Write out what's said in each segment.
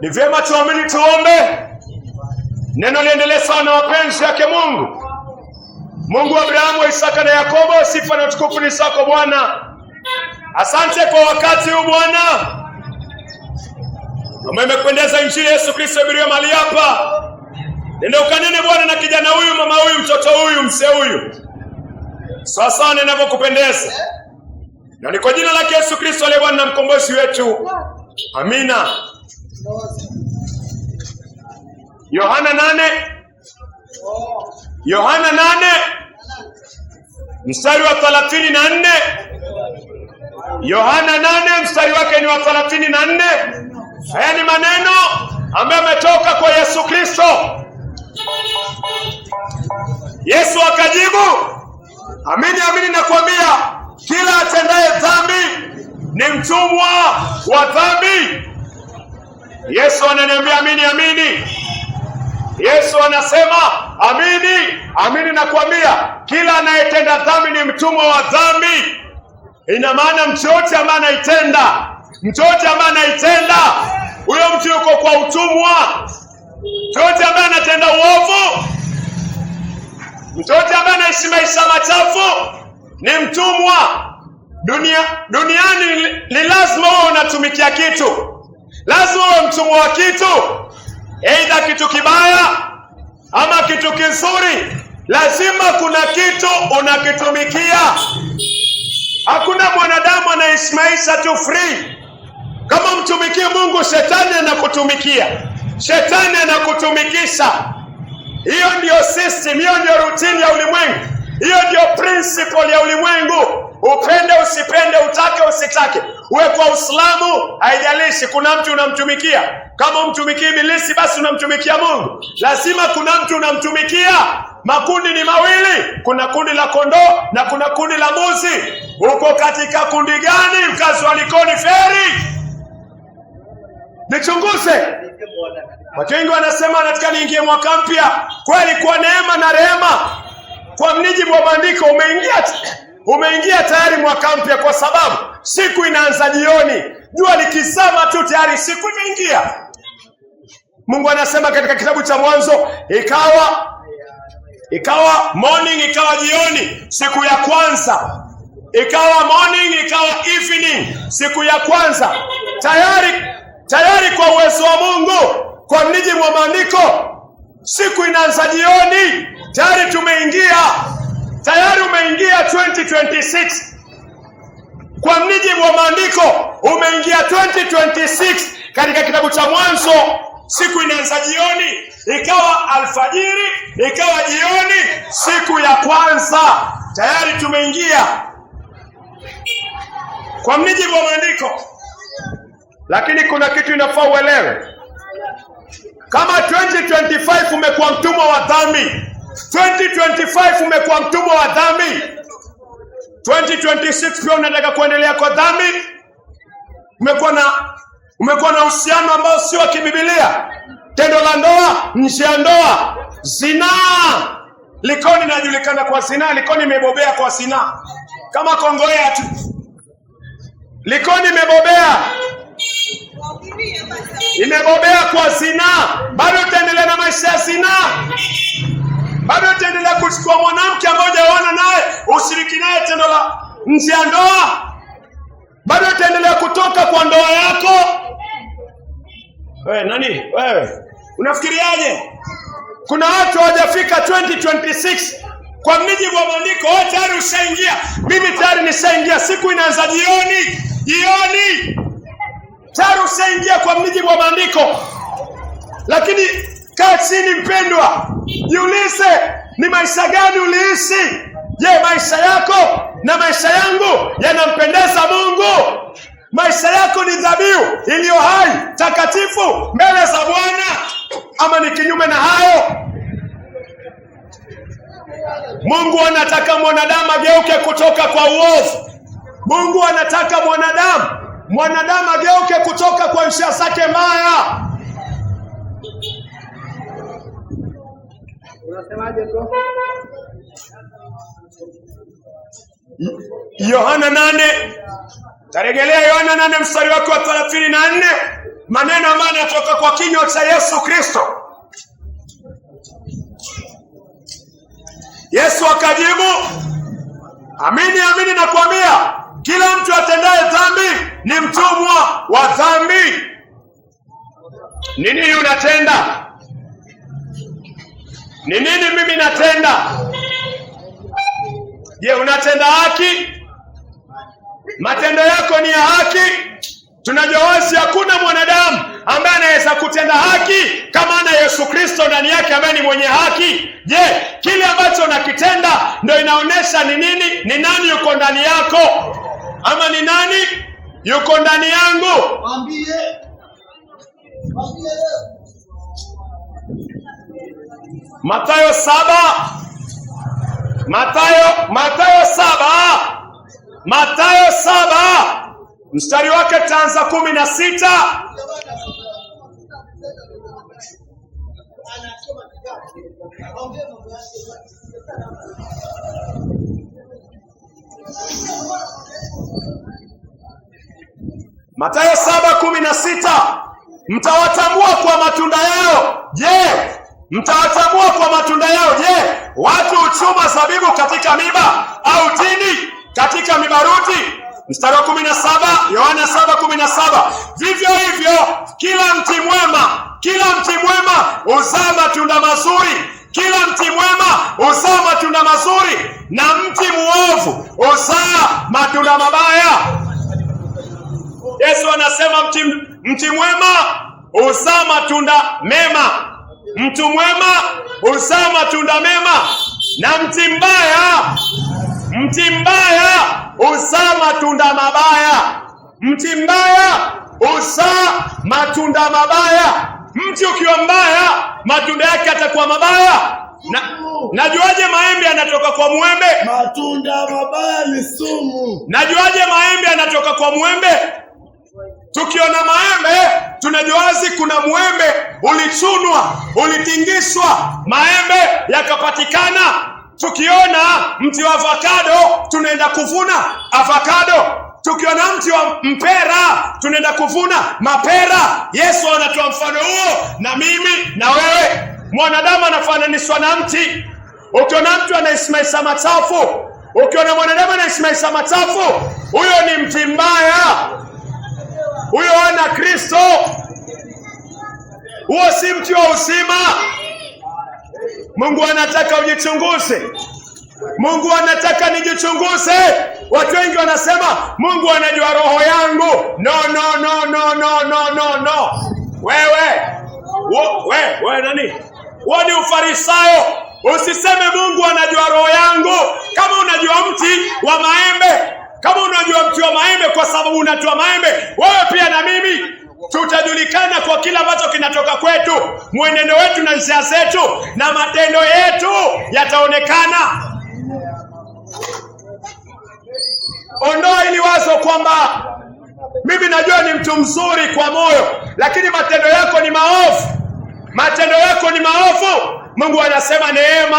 Ni vyema tuamini, tuombe. Neno liendelee sana, wapenzi yake Mungu. Mungu wa Abrahamu, wa Isaka na Yakobo, sifa na utukufu ni zako Bwana. Asante kwa wakati huu Bwana, kama imekupendeza injili Yesu Kristo abiria mali hapa. Nenda ukanene Bwana na kijana huyu, mama huyu, mtoto huyu, mzee huyu sasa ninavyokupendeza na ni kwa jina lake Yesu Kristo aliye Bwana na mkombozi wetu, amina. Yohana nane Yohana nane mstari wa thelathini na nne Yohana nane mstari wake ni wa thelathini na nne Haya ni maneno ambayo ametoka kwa Yesu Kristo. Yesu akajibu Amini amini nakwambia, kila atendaye dhambi ni mtumwa wa dhambi. Yesu ananiambia amini amini. Yesu anasema amini amini nakwambia, kila anayetenda dhambi ni mtumwa wa dhambi. Ina maana mtu yote ambaye anaitenda, mtu yote ambaye anaitenda, huyo mtu yuko kwa utumwa. Mtu yote ambaye anatenda uovu Mtoto ambaye anaishi maisha machafu ni mtumwa. Dunia, duniani ni lazima wewe unatumikia kitu, lazima wewe mtumwa wa kitu, aidha kitu kibaya ama kitu kizuri. Lazima kuna kitu unakitumikia. Hakuna mwanadamu anaishi maisha tu free. Kama mtumikie Mungu, shetani anakutumikia, shetani anakutumikisha hiyo ndiyo system, hiyo ndiyo rutini ya ulimwengu, hiyo ndiyo principle ya ulimwengu. Upende usipende, utake usitake, uwe kwa Uislamu, haijalishi. Kuna mtu unamtumikia, kama umtumikii Ibilisi basi unamtumikia Mungu. Lazima kuna mtu unamtumikia. Makundi ni mawili, kuna kundi la kondoo na kuna kundi la mbuzi. Uko katika kundi gani, mkazi wa Likoni Feri? Nichunguze. Watu wengi wanasema nataka niingie mwaka mpya. Kweli kwa neema na rehema, kwa mnijibu wa maandiko umeingia, umeingia tayari mwaka mpya, kwa sababu siku inaanza jioni, jua likizama tu tayari siku imeingia. Mungu anasema katika kitabu cha Mwanzo, ikawa ikawa morning, ikawa jioni, siku ya kwanza ikawa morning, ikawa evening, siku ya kwanza tayari tayari kwa uwezo wa Mungu kwa mniji wa maandiko. Siku inaanza jioni, tayari tumeingia, tayari umeingia 2026 kwa mniji wa maandiko, umeingia 2026 katika kitabu cha Mwanzo. Siku inaanza jioni, ikawa alfajiri, ikawa jioni, siku ya kwanza, tayari tumeingia kwa mniji wa maandiko. Lakini kuna kitu inafaa uelewe, kama 2025 umekuwa mtumwa wa dhambi, 2025 umekuwa mtumwa wa dhambi, 2026 pia unataka kuendelea kwa dhambi, umekuwa na umekuwa na uhusiano ambao sio wa kibibilia, tendo la ndoa, nje ya ndoa, zinaa. Likoni najulikana kwa zinaa, Likoni imebobea kwa zinaa kama Kongowea tu, Likoni imebobea imebobea kwa zinaa, bado utaendelea na maisha ya zinaa, bado utaendelea kuchukua mwanamke ambaye hujaoana naye ushiriki naye tendo la nje ya ndoa, bado utaendelea kutoka kwa ndoa yako. Wewe nani wewe, unafikiriaje? Kuna watu hawajafika 2026 kwa mujibu wa maandiko, wewe tayari ushaingia, mimi tayari nishaingia. Siku inaanza jioni, jioni tayari ushaingia kwa mujibu wa maandiko. Lakini kaa chini mpendwa, jiulize ni maisha gani uliishi? Je, maisha yako na maisha yangu yanampendeza Mungu? Maisha yako ni dhabihu iliyo hai takatifu mbele za Bwana, ama ni kinyume na hayo? Mungu anataka mwanadamu ageuke kutoka kwa uovu. Mungu anataka mwanadamu Mwanadamu ageuke kutoka kwa njia zake mbaya. Yohana nane taregelea Yohana nane mstari wake wa thelathini na nne maneno ambayo yanatoka kwa kinywa cha Yesu Kristo. Yesu akajibu, amini amini nakwambia kila mtu atendaye dhambi ni mtumwa wa dhambi. Ni nini unatenda? Ni nini mimi natenda? Je, unatenda haki? Matendo yako ni ya haki? Tunajua hakuna mwanadamu ambaye anaweza kutenda haki kama ana Yesu Kristo ndani yake ambaye ni mwenye haki. Je, kile ambacho unakitenda ndio inaonyesha ni nini, ni nani yuko ndani yako? ama ni nani yuko ndani yangu? Mwambie, Mathayo saba Mathayo Mathayo saba Mathayo saba mstari wake tanza kumi na sita Mathayo saba kumi na sita mtawatambua kwa matunda yao. Je, mtawatambua kwa matunda yao? Je, watu huchuma zabibu katika miba au tini katika mibaruti? Mstari wa kumi na saba Yohana saba kumi na saba vivyo hivyo kila mti mwema kila mti mwema uzaa matunda mazuri, kila mti mwema uzaa matunda mazuri, na mti muovu uzaa matunda mabaya. Yesu anasema mti, mti mwema uzaa matunda mema, mtu mwema uzaa matunda mema, na mti mbaya, mti mbaya uzaa matunda mabaya, mti mbaya uzaa matunda mabaya. Mti ukiwa mbaya, matunda yake atakuwa mabaya. Na, najuaje maembe yanatoka kwa mwembe? Matunda mabaya ni sumu. Najuaje maembe yanatoka kwa mwembe? Tukiona maembe tunajua wazi kuna mwembe ulichunwa, ulitingiswa, maembe yakapatikana. Tukiona mti wa avocado tunaenda kuvuna avocado. Tukiwa na mti wa mpera tunaenda kuvuna mapera. Yesu anatoa mfano huo na mimi na wewe. Mwanadamu anafananiswa na mti. na mtu anaesimaisa machafu, ukiona mwanadamu anaisimamisa machafu, huyo ni mti mbaya, huyo ana Kristo, huo si mti wa uzima. Mungu anataka ujichunguze. Mungu anataka nijichunguze. Watu wengi wanasema Mungu anajua roho yangu. No, no, no, no, no, no, no, no. Wewe wewe, wewe nani? Wewe ni Ufarisayo. Usiseme Mungu anajua roho yangu. Kama unajua mti wa maembe, kama unajua mti wa maembe kwa sababu unatoa maembe, wewe pia na mimi tutajulikana kwa kila ambacho kinatoka kwetu. Mwenendo wetu na njia zetu na matendo yetu yataonekana. Ondoa ili wazo kwamba mimi najua ni mtu mzuri kwa moyo, lakini matendo yako ni maovu, matendo yako ni maovu. Mungu anasema neema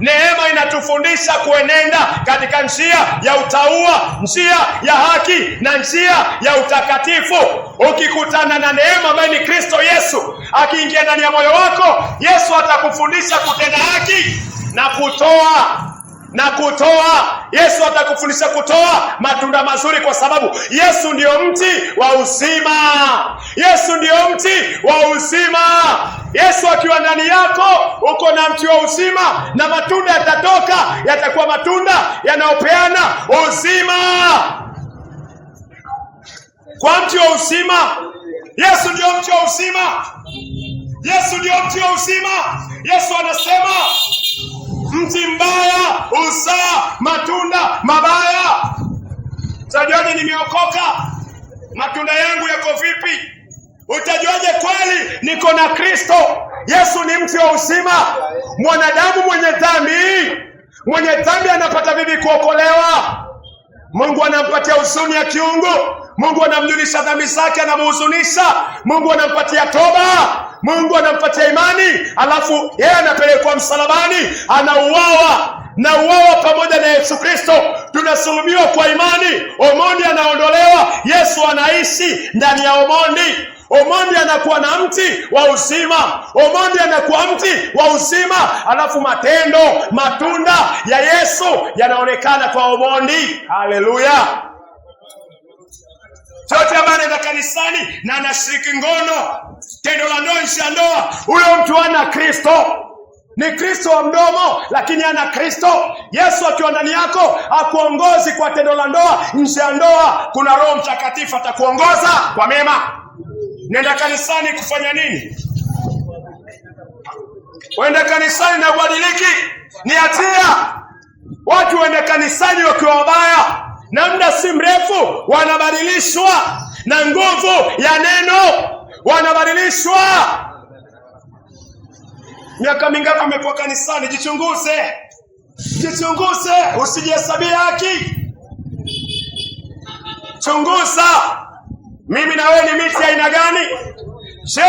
Neema inatufundisha kuenenda katika njia ya utaua, njia ya haki na njia ya utakatifu. Ukikutana na neema ambaye ni Kristo Yesu akiingia ndani ya moyo wako, Yesu atakufundisha kutenda haki na kutoa na kutoa. Yesu atakufundisha kutoa matunda mazuri, kwa sababu Yesu ndiyo mti wa uzima. Yesu ndiyo mti wa uzima. Yesu akiwa ndani yako, uko na mti wa uzima, na matunda yatatoka, yatakuwa matunda yanayopeana uzima. Kwa mti wa uzima, Yesu ndiyo mti wa uzima. Yesu ndiyo mti wa uzima. Yesu anasema Mti mbaya usaa matunda mabaya. Utajuaje nimeokoka? Matunda yangu yako vipi? Utajuaje kweli niko na Kristo? Yesu ni mti wa uzima. Mwanadamu mwenye dhambi, mwenye dhambi anapata vipi kuokolewa? Mungu anampatia huzuni ya kiungu Mungu anamjulisha dhambi zake, anamhuzunisha. Mungu anampatia toba, Mungu anampatia imani, alafu yeye anapelekwa msalabani, anauawa na uawa pamoja na Yesu Kristo, tunasulubiwa kwa imani. Omondi anaondolewa, Yesu anaishi ndani ya Omondi. Omondi anakuwa na mti wa uzima, Omondi anakuwa mti wa uzima, alafu matendo matunda ya Yesu yanaonekana kwa Omondi. Haleluya! Yote ambaye anaenda kanisani na anashiriki ngono, tendo la ndoa, nchi ya ndoa, huyo mtu ana Kristo. Ni Kristo wa mdomo, lakini ana Kristo. Yesu akiwa ndani yako akuongozi kwa tendo la ndoa, nchi ya ndoa. Kuna Roho Mtakatifu atakuongoza kwa mema. Nenda kanisani kufanya nini? Wenda kanisani na ubadiliki, ni hatia. Watu waende kanisani wakiwa wabaya na muda si mrefu wanabadilishwa na nguvu ya neno, wanabadilishwa. Miaka mingapi umekuwa kanisani? Jichunguze, jichunguze, usijihesabie haki. Chunguza, mimi na wewe ni miti aina gani? Je,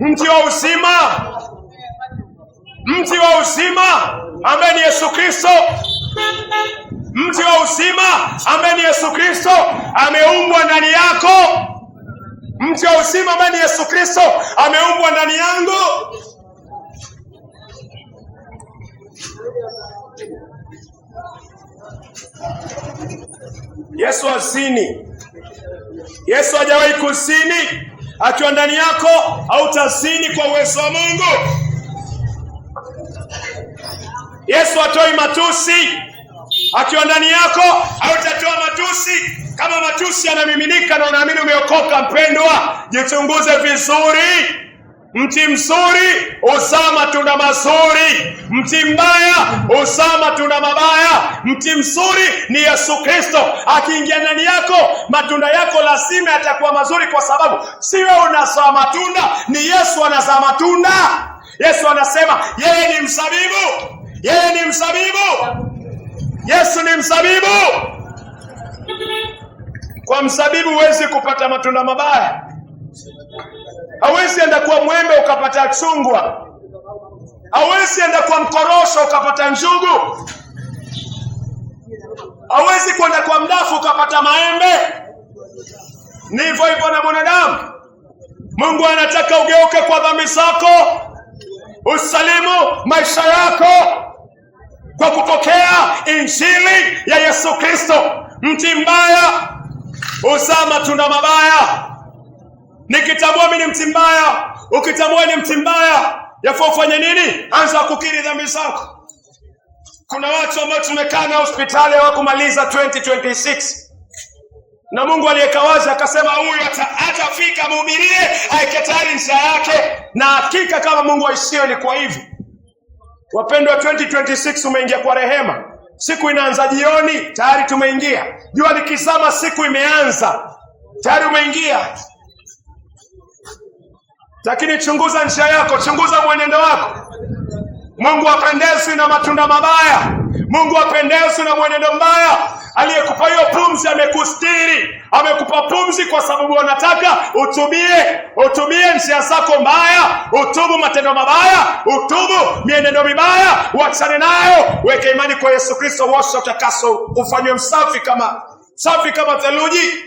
mti wa uzima, mti wa uzima ambaye ni Yesu Kristo mti wa uzima ambaye ni Yesu Kristo ameumbwa ndani yako. Mti wa uzima ambaye ni Yesu Kristo ameumbwa ndani yangu. Yesu asini Yesu hajawahi kusini Akiwa ndani yako tasini kwa uwezo wa Mungu. Yesu hatoi matusi akiwa ndani yako, hautatoa matusi. Kama matusi yanamiminika na unaamini umeokoka, mpendwa, jichunguze vizuri. Mti mzuri uzaa matunda mazuri, mti mbaya uzaa matunda mabaya. Mti mzuri ni Yesu Kristo, akiingia ndani yako, matunda yako lazima yatakuwa mazuri, kwa sababu siwe unazaa matunda, ni Yesu anazaa matunda. Yesu anasema yeye ni mzabibu, yeye ni mzabibu Yesu ni msabibu. Kwa msabibu huwezi kupata matunda mabaya. Hawezi enda kuwa mwembe ukapata chungwa, hawezi enda kuwa mkorosho ukapata njugu, hawezi kwenda kwa mdafu ukapata maembe. Ni hivyo hivyo na mwanadamu. Mungu anataka ugeuke kwa dhambi zako, usalimu maisha yako kwa kupokea injili ya Yesu Kristo. Mti mbaya usama tuna mabaya. Nikitambua mimi ni mti mbaya, ukitambua ni mti mbaya, yafaa ufanye nini? Anza kukiri dhambi zako. Kuna watu ambao tumekaa na hospitali hawakumaliza 2026 na Mungu aliyekawaza akasema, huyu atafika mhubirie, aiketari njia yake, na hakika kama Mungu aishio kwa hivyo Wapendwa, 2026 umeingia kwa rehema. Siku inaanza jioni, tayari tumeingia. Jua likizama, siku imeanza, tayari umeingia. Lakini chunguza njia yako, chunguza mwenendo wako. Mungu hapendezwi na matunda mabaya. Mungu hapendezwi na mwenendo mbaya. Aliyekupa hiyo pumzi amekustiri, amekupa pumzi kwa sababu anataka utubie, utumie njia zako mbaya, utubu matendo mabaya, utubu mienendo mibaya, wachane nayo, weke imani kwa Yesu Kristo, washa utakaso, ufanywe msafi kama safi kama theluji.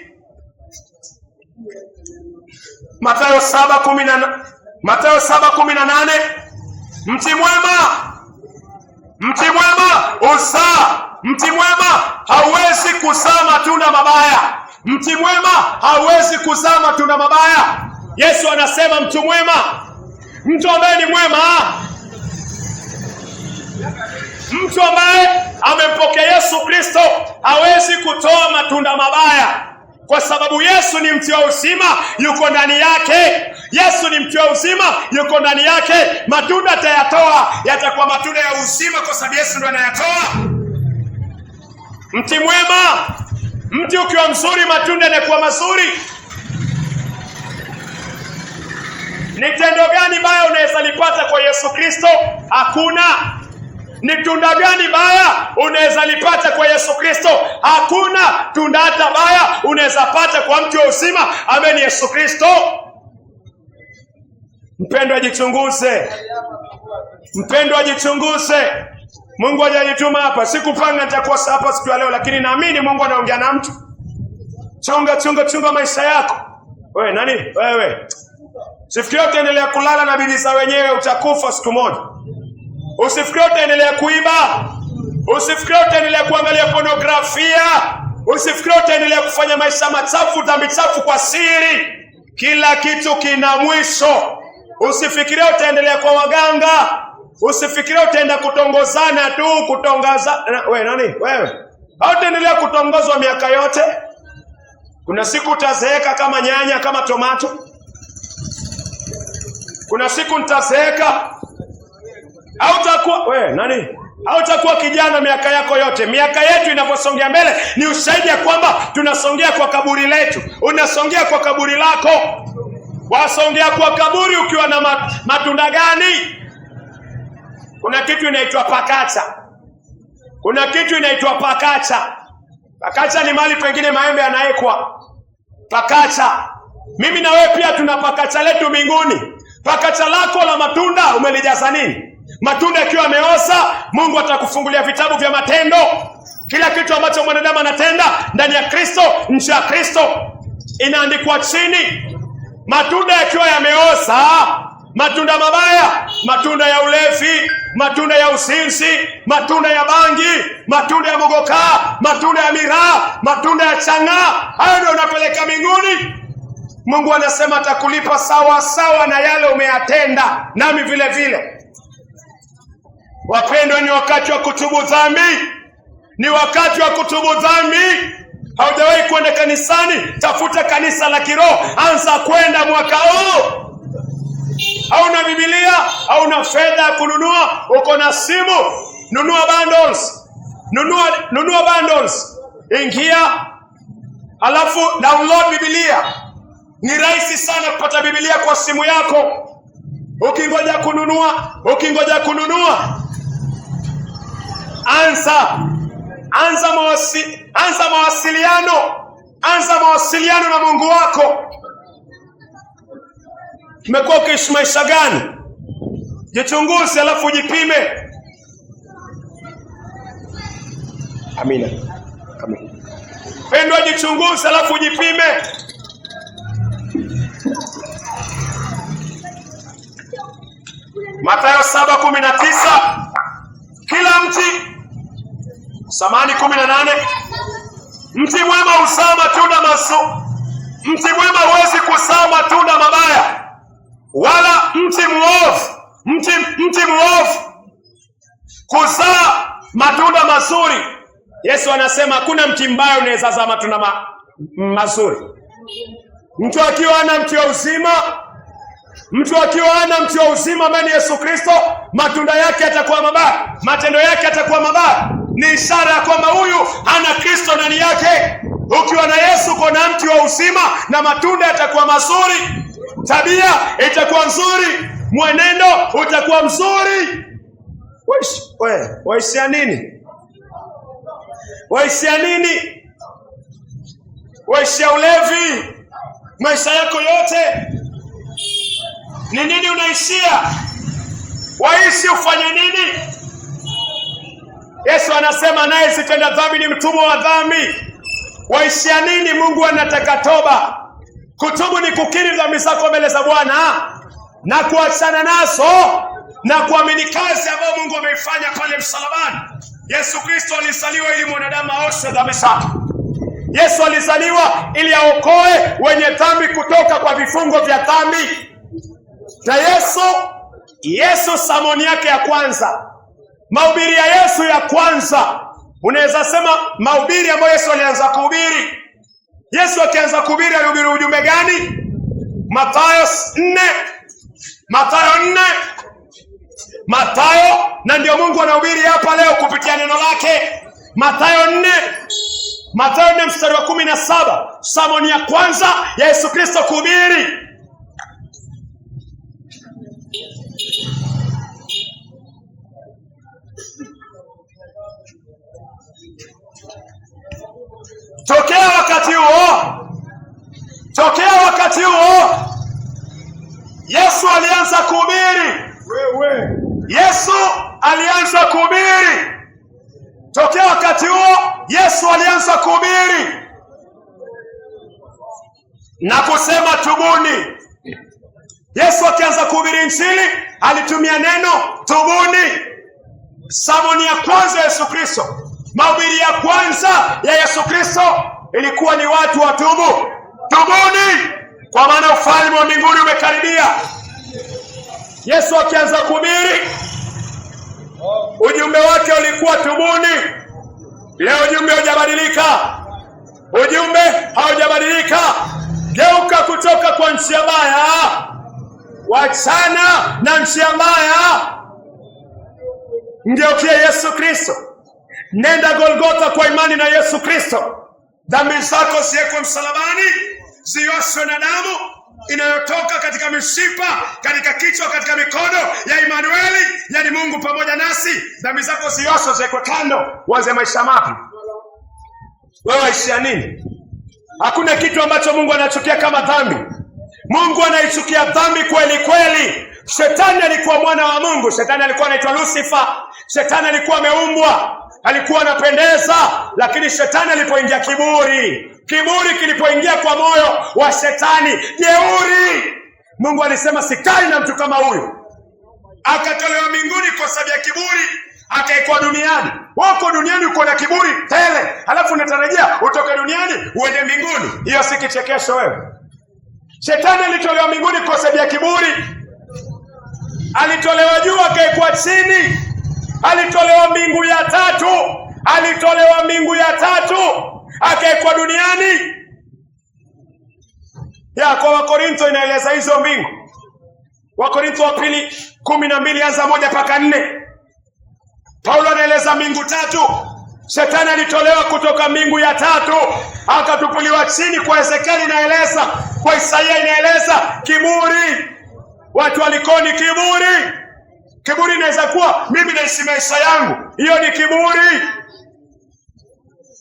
Mathayo saba kumi na Mathayo saba kumi na nane mti mwema, mti mwema uzaa Mti mwema hauwezi kuzaa matunda mabaya. Mti mwema hauwezi kuzaa matunda mabaya. Yesu anasema mtu mwema, mtu ambaye ni mwema, mtu ambaye amempokea Yesu Kristo hawezi kutoa matunda mabaya, kwa sababu Yesu ni mti wa uzima, yuko ndani yake. Yesu ni mti wa uzima, yuko ndani yake. Matunda atayatoa, yatakuwa matunda ya uzima, kwa sababu Yesu ndo anayatoa. Mti mwema, mti ukiwa mzuri, matunda yanakuwa mazuri. Ni tendo gani baya unaweza lipata kwa Yesu Kristo? Hakuna. Ni tunda gani baya unaweza lipata kwa Yesu Kristo? Hakuna tunda hata baya unaweza pata kwa mti wa uzima, amen, Yesu Kristo. Mpendwa, jichunguze. Mpendwa, jichunguze. Mungu hajanituma hapa, sikupanga nitakuwa hapa siku ya leo, lakini naamini Mungu anaongea na mtu. Chonga chonga chonga maisha yako we, Nani wewe? Usifikiri utaendelea kulala na bibi za wenyewe, utakufa siku moja. Usifikiri utaendelea kuiba, usifikiri utaendelea kuangalia pornografia, usifikiri utaendelea kufanya maisha machafu, dhambi chafu kwa siri. Kila kitu kina mwisho. Usifikiria utaendelea kwa waganga Usifikirie utaenda kutongozana tu kutongaza. We, nani wewe? Au utaendelea kutongozwa miaka yote? Kuna siku utazeeka kama nyanya, kama tomato. Kuna siku nitazeeka. Au utakuwa we nani? Au utakuwa kijana miaka yako yote. Miaka yetu inavyosongea mbele ni ushahidi ya kwamba tunasongea kwa kaburi letu. Unasongea kwa kaburi lako. Wasongea kwa kaburi ukiwa na matunda gani? Kuna kitu inaitwa pakacha, kuna kitu inaitwa pakacha. Pakacha ni mali pengine maembe yanawekwa pakacha. Mimi na wewe pia tuna pakacha letu mbinguni. Pakacha lako la matunda umelijaza nini? Matunda yakiwa yameoza, Mungu atakufungulia vitabu vya matendo. Kila kitu ambacho mwanadamu anatenda ndani ya Kristo, nje ya Kristo, inaandikwa chini. Matunda yakiwa yameoza matunda mabaya, matunda ya ulevi, matunda ya usinzi, matunda ya bangi, matunda ya mogoka, matunda ya miraa, matunda ya chang'aa. Hayo ndio unapeleka mbinguni. Mungu anasema atakulipa sawa sawa na yale umeyatenda, nami vile vile. Wapendwa, ni wakati wa kutubu dhambi, ni wakati wa kutubu dhambi. Haujawahi kwenda kanisani? Tafuta kanisa la kiroho, anza kwenda mwaka huu hauna Biblia, hauna fedha ya kununua, uko na simu, nunua bundles, nunua, nunua bundles, ingia alafu download Biblia. Ni rahisi sana kupata Biblia kwa simu yako, ukingoja kununua, ukingoja kununua. Anza anza mawasi, anza mawasiliano, anza mawasiliano na Mungu wako. Umekuwa ukiishi maisha gani? Jichunguze alafu ujipime. Amina, amina. Pendwa, jichunguze alafu ujipime. Mathayo saba kumi na tisa kila mti samani kumi na nane mti mwema huzaa matunda maso mti mwema huwezi kuzaa matunda mabaya wala mti mwovu mti, mti mwovu kuzaa matunda mazuri. Yesu anasema hakuna mti mbaya unaweza zaa matunda ma, mazuri. Mtu akiwa ana mti wa uzima, mtu akiwa ana mti wa uzima ambaye ni Yesu Kristo, matunda yake yatakuwa mabaya, matendo yake yatakuwa mabaya. Ni ishara ya kwamba huyu hana Kristo ndani yake. Ukiwa na Yesu uko na mti wa uzima na matunda yatakuwa mazuri tabia itakuwa nzuri, mwenendo utakuwa mzuri. waishia nini? waishia nini? waishia ulevi maisha yako yote ni nini? Unaishia waishi ufanye nini? Yesu anasema naye sitenda dhambi ni mtumwa wa dhambi. Waishia nini? Mungu anataka toba. Kutubu ni kukiri dhambi zako mbele za Bwana na kuachana nazo na kuamini kazi ambayo Mungu ameifanya pale msalabani. Yesu Kristo alizaliwa ili mwanadamu aoshe dhambi zake. Yesu alizaliwa ili aokoe wenye dhambi kutoka kwa vifungo vya dhambi. Na Yesu Yesu samoni yake ya kwanza, mahubiri ya Yesu ya kwanza, unaweza sema mahubiri ambayo Yesu alianza kuhubiri Yesu akianza kuhubiri alihubiri ujumbe gani? Mathayo nne Mathayo nne Mathayo, na ndio Mungu anahubiri hapa leo kupitia neno lake. Mathayo nne Mathayo nne mstari wa kumi na saba samoni ya kwanza ya Yesu Kristo kuhubiri Tokea wakati huo, tokea wakati huo Yesu alianza kuhubiri. Yesu alianza kuhubiri. Tokea wakati huo Yesu alianza kuhubiri na kusema tubuni. Yesu akianza kuhubiri nchini alitumia neno tubuni. sabuni ya kwanza Yesu Kristo Mahubiri ya kwanza ya Yesu Kristo ilikuwa ni watu watubu, tubuni kwa maana ufalme wa mbinguni umekaribia. Yesu akianza kuhubiri ujumbe wake ulikuwa tubuni. Leo ujumbe haujabadilika, ujumbe haujabadilika. Geuka kutoka kwa njia mbaya, wachana na njia mbaya, mgeukie Yesu Kristo. Nenda Golgotha kwa imani na Yesu Kristo, dhambi zako ziwekwe msalabani, zioshwe na damu inayotoka katika mishipa, katika kichwa, katika mikono ya Imanueli, yani Mungu pamoja nasi. Dhambi zako zioshwe, ziwekwe kando, uanze maisha mapya. Wewe waishia nini? Hakuna kitu ambacho Mungu anachukia kama dhambi. Mungu anaichukia dhambi kweli kweli. Shetani alikuwa mwana wa Mungu. Shetani alikuwa anaitwa Lucifer, Shetani alikuwa ameumbwa alikuwa anapendeza, lakini shetani alipoingia, kiburi, kiburi kilipoingia kwa moyo wa shetani, jeuri, Mungu alisema sikali na mtu kama huyu. Akatolewa mbinguni kwa sababu ya kiburi, akaekwa duniani. Wako duniani, uko na kiburi tele, alafu unatarajia utoke duniani uende mbinguni? Hiyo si kichekesho wewe. Shetani alitolewa mbinguni kwa sababu ya kiburi, alitolewa juu akaekwa chini alitolewa mbingu ya tatu, alitolewa mbingu ya tatu akawekwa duniani. Ya kwa Wakorintho inaeleza hizo mbingu, Wakorintho wa pili kumi na mbili anza moja mpaka nne. Paulo anaeleza mbingu tatu. Shetani alitolewa kutoka mbingu ya tatu akatupuliwa chini. Kwa Ezekieli inaeleza, kwa Isaia inaeleza kiburi, watu walikoni kiburi Kiburi inaweza kuwa mimi naishi maisha yangu, hiyo ni kiburi.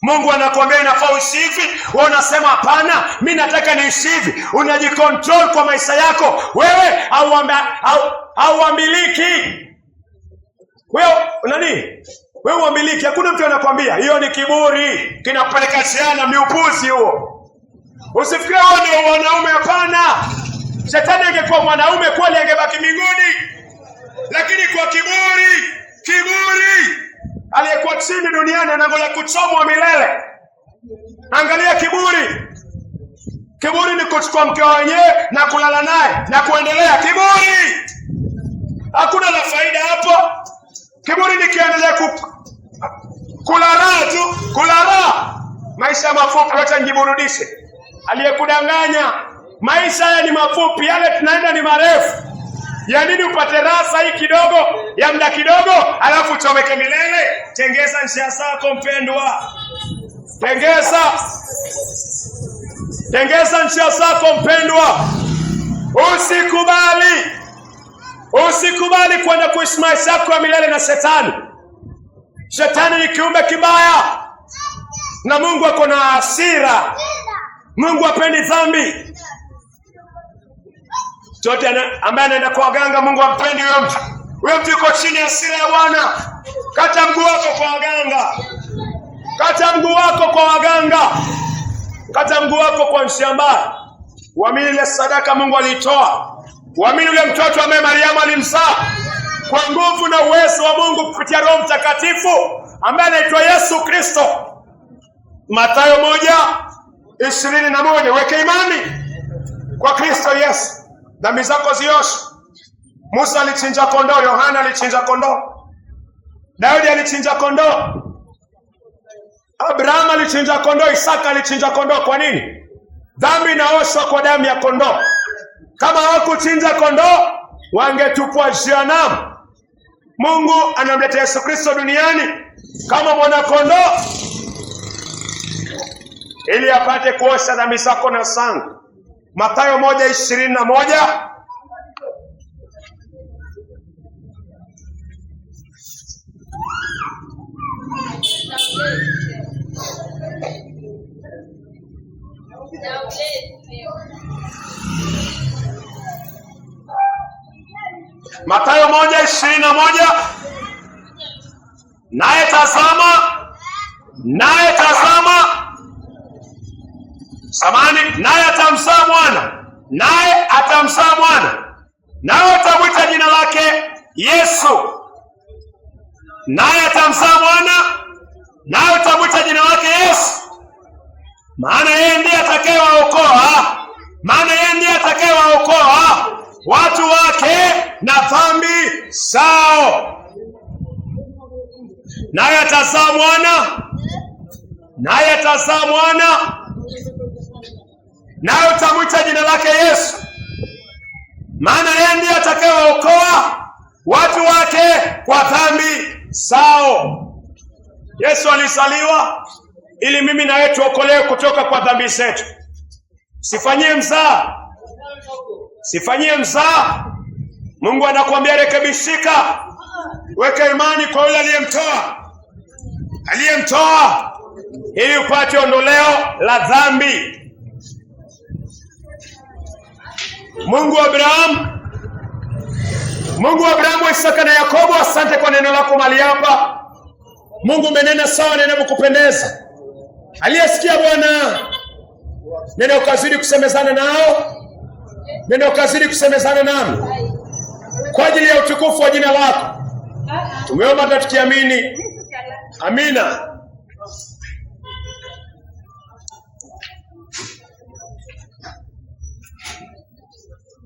Mungu anakuambia inafaa uishi hivi, wewe unasema hapana, mi nataka niishi hivi. Unajikontrol kwa maisha yako wewe, hauamiliki wewe nani wewe uamiliki, hakuna mtu anakwambia. Hiyo ni kiburi, kinakupeleka ziana. Miupuzi huo, usifikirie wewe ni wanaume, Hapana, shetani angekuwa mwanaume kweli angebaki mbinguni lakini kwa kiburi, kiburi aliyekuwa chini duniani anangoja kuchomwa milele. Angalia kiburi. Kiburi ni kuchukua mkeo wenyewe na kulala naye na kuendelea. Kiburi hakuna la faida hapo. Kiburi nikiendelea ku kulala tu, kulala maisha mafupi. Wacha njiburudishe. Aliyekudanganya maisha haya ni mafupi, yale tunaenda ni marefu ya nini upate raha hii kidogo ya muda kidogo, alafu uchomeke milele? Tengeza njia zako mpendwa, tengeza tengeza njia zako mpendwa, usikubali usikubali kwenda kuishi maisha yako ya milele na shetani. Shetani ni kiumbe kibaya, na Mungu ako na hasira. Mungu apendi dhambi yote ambaye anaenda kwa waganga, Mungu ampendi huyo mtu. Huyo mtu yuko chini ya sira ya Bwana. Kata mguu wako kwa waganga, kata mguu wako kwa waganga, kata mguu wako kwa mshamba. Uamini ile sadaka Mungu aliitoa, uamini ule mtoto ambaye Mariamu alimzaa kwa nguvu na uwezo wa Mungu kupitia Roho Mtakatifu ambaye anaitwa Yesu Kristo. Mathayo moja ishirini na moja. Weke imani kwa Kristo Yesu dhambi zako zioshe. Musa alichinja kondoo, Yohana alichinja kondoo, Daudi alichinja kondoo, Abrahamu alichinja kondoo, Isaka alichinja kondoo. Kwa nini? Dhambi inaoshwa kwa damu ya kondoo. Kama hawakuchinja kondoo, wangetupwa jehanamu. Mungu anamleta Yesu Kristo duniani kama mwana kondoo ili apate kuosha dhambi zako na sangu Mathayo moja ishirini na moja Mathayo moja ishirini na moja naye tazama naye tazama Samani naye atamsaa mwana, naye atamsaa mwana, naye atamwita jina lake Yesu, naye atamsaa mwana, naye atamwita jina lake Yesu, maana yeye ndiye atakayewaokoa, maana yeye ndiye atakayewaokoa watu wake na dhambi zao. Naye atazaa mwana, naye atazaa mwana nawe utamwita jina lake Yesu, maana yeye ndiye atakayewaokoa watu wake kwa dhambi zao. Yesu alizaliwa ili mimi na wewe tuokolewe kutoka kwa dhambi zetu. Sifanyie mzaa, sifanyie mzaa. Mungu anakuambia rekebishika, weka imani kwa yule aliyemtoa, aliyemtoa ili upate ondoleo la dhambi. Mungu wa Abrahamu, Mungu wa Abrahamu, wa Isaka na Yakobo, asante kwa neno lako maliamba Mungu umenena sawa na inavyokupendeza. Aliyesikia Bwana, nenda ukazidi kusemezana nao, nenda ukazidi kusemezana nami kwa ajili ya utukufu wa jina lako. Tumeomba na tukiamini, amina.